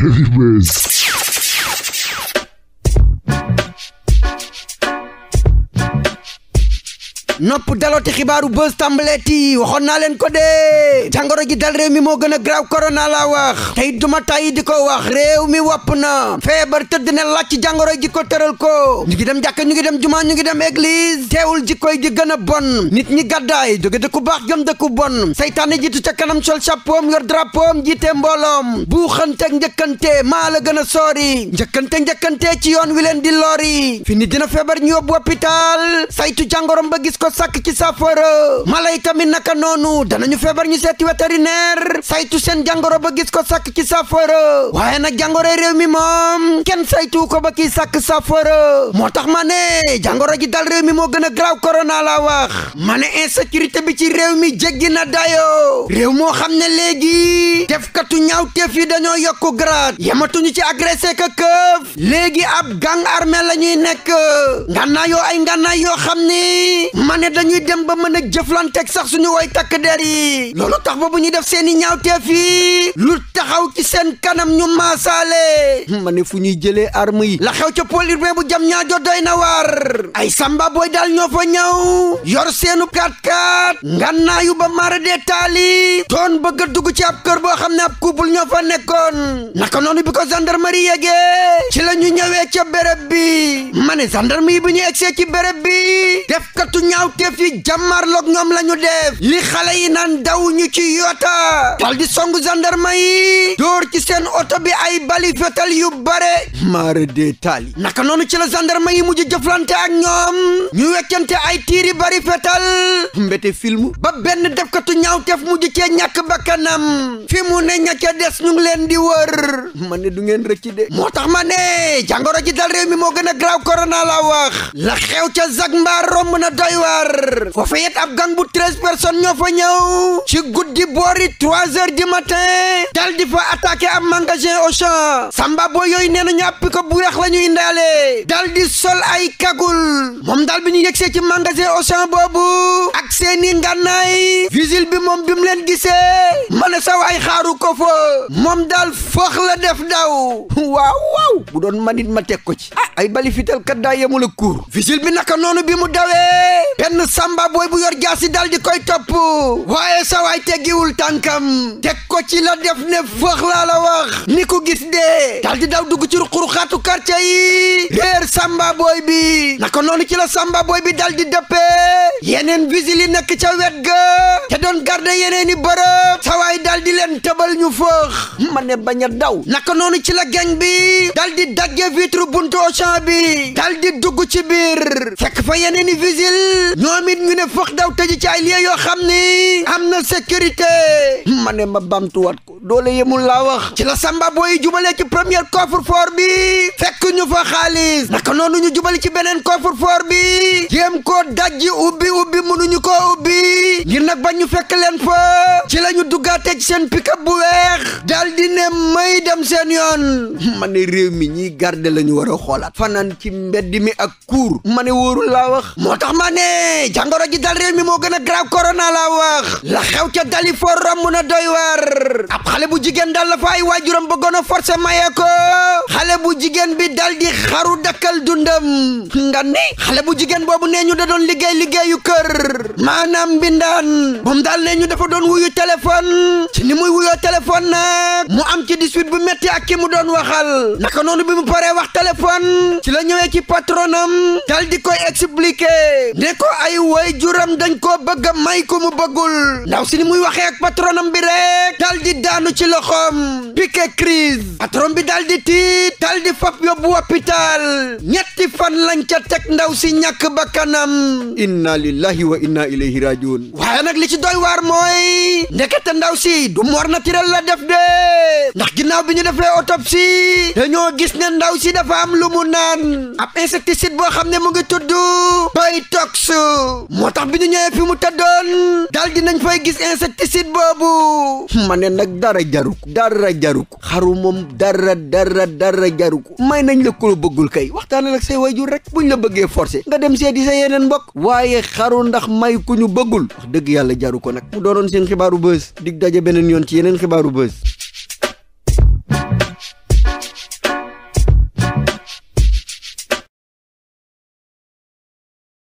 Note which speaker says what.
Speaker 1: Heavyweight. nopp dalooti xibaaru buzz tàmbaleeti waxoon naa leen ko dee jàngoro ji dal réew mi moo gën a graaw korona laa wax tey duma tàyyi di ko wax réew mi wopp na feebar tëdd ne laaj ci jàngoro ji ko tëral ko ñu ngi dem jàkka ñu ngi dem jumaa ñu ngi dem église teewul ji koy gën a bon nit ñi gàddaay jóge dëkku baax jëm dëkku bon saytaane jiitu ca kanam sol chapeau yor drapeau jiite mbooloom buuxante njëkkante maa la gën a soori njëkkante njëkkante ci yoon wi leen di lori fi nit dina feebar ñu yóbbu saytu jàngoro ba gis ko sàkk ci saafara malayka mi naka noonu danañu feebar ñu seeti vétérinaire saytu seen jàngoro ba gis ko sakk ci saafara waaye nag jàngoro réew mi moom kenn saytu ko ba kii sàkk saafara moo tax ma ne jàngoro ji dal réew mi moo gën a graaw corona laa wax ma ne insécurité bi ci réew mi jéggi na dayo réew moo xam ne léegi defkatu ñaaw teef yi dañoo yokku grade yamatuñu ci agressé ka léegi ab gang armée la ñuy nekk ngànnaay yoo ay ngànnaay yoo xam ni ne dañuy dem ba mën a jëflanteeg sax suñu woy takk yi loolu tax ba bu ñuy def seeni ñaawteef yi lu taxaw ci seen kanam ñu maasaale ma ne fu ñuy jëlee arme yi la xew ca pôle bu jam ñaajo doy na war ay samba booy daal ñoo fa ñëw yor seenu kaat-kaat ngannaayu ba mara dee taali doon bëgg a dugg ci ab kër boo xam ne ab couple ñoo fa nekkoon naka noonu bi ko gendarmerie yegee ci la ñu ñëwee ca béréb bi ma ne gendarme yi bi ñu egsee ci béréb bi def katu ñaw ñaawteef yi jàmmarloog ñoom la ñu def li xale yi naan daw ñu ci yoota dal di song gendarme yi dóor ci seen oto bi ay bali fetal yu bare maara dee taali naka noonu ci la gendarme yi mujj jëflante ak ñoom ñu weccante ay tiiri bari fetal mbete film ba benn ñaaw ñaawteef mujj cee ñàkk bakkanam fi mu ne ña ca des ñu leen di wër ma ne du ngeen rëcc de moo tax ma ne jàngoro ji dal réew mi moo gën a graaw korona la wax la xew zag mbaar romb na doy wa Dakar foofu it ab gang bu treize personnes ñoo fa ñëw ci guddi boori trois heures du matin dal di fa attaqué ab magasin Auchan samba boo yooyu nee na ñu àppi ko bu weex la ñu indaale dal di sol ay kagul moom daal ñu yegsee ci magasin moom bi mu gisee mën saw ay xaaru ko fa moom daal foox la def daw waaw waaw bu doon manit ma teg ko ci ay bali fital kat daa yemul a bi naka noonu bi mu dawee benn samba booy bu yor jaasi dal di koy topp waaye sa waay teggiwul tànkam teg ko ci la def ne fëx wax ni ko gis dee dal di daw dugg ci ruqu-ruqaatu quartier samba booy bi naka noonu ci la samba booy bi dal yeneen vigile yi nekk ca wet ga te doon garde yeneen i bërëb sawaay dal di leen tëbal ñu fëex ma ne bañ a daw naka noonu ci la gang bi dal di dagge vitre buntu Auchan bi dal dugg ci biir fekk fa yeneen i vigile ñoom it ñu ne fëex daw tëj ci ay lieu yoo xam ni am na sécurité ma ne ma bamtuwaat ko doole yemul laa wax ci la samba booy jubalee ci premier coffre-fort bi fekk ñu fa xaalis naka noonu ñu jubale ci beneen coffre-fort bi jéem ko dajji ubbi ubbi mënuñu ko ubbi ngir nag bañ ñu fekk leen fa ci la ñu duggaatee ci seen pick-up bu weex daal di ne may dem seen yoon ma réew mi ñii garde la ñu war a xoolaat fanaan ci mbedd mi ak kuur ma ne wóorul laa wax moo tax ma ne jàngoro ji dal réew mi moo gën a grave corona laa wax la xew ca dali romb na doy waar ab xale bu jigéen daal la fa ay waajuram bëggoon a forcé maye ko xale jigéen bi dal di xaru dakkal dundam nga ne xale bu jigéen boobu nee ñu da liggéey liggéeyu kër maanaam mbindaan moom daal nee ñu dafa doon wuyu téléphone ci ni muy wuyoo téléphone nag mu am ci dispute bu metti ak ki mu doon waxal naka noonu bi mu paree wax téléphone ci la ñëwee ci patronam dal di koy expliquer ne ko ay way juram dañ koo bëgg may ku mu bëggul ndaw si ni muy waxee ak patronam bi rek dal di daanu ci loxoom pique crise patron bi dal di tiit dal di fab yóbbu hôpital ñetti fan lañ ca ndaw si ñakk bakkanam inna lillahi wa inna ilayhi rajiun waaye nag li ci doy waar mooy ndekete ndaw si du mort naturel la def de ndax ginnaaw bi ñu defee autopsie dañoo gis ne ndaw si dafa am lu mu naan ab insecticide boo xam ne mu ngi tudd Boytox moo tax bi ñu ñëwee fi mu tëddoon daal dinañ fay gis insecticide boobu ma ne nag dara jaruk dara ko xaru moom dara dara dara ko may nañ la ko bëggul kay waxtaanal ak say wayjur rek buñ la bëggee forcé nga dem seeti sa yeneen mbokk waaye xaru ndax may ku ñu bëggul wax dëgg yàlla jaru ko nag xibaaru buzz dig daje beneen yoon ci yeneen xibaaru buzz.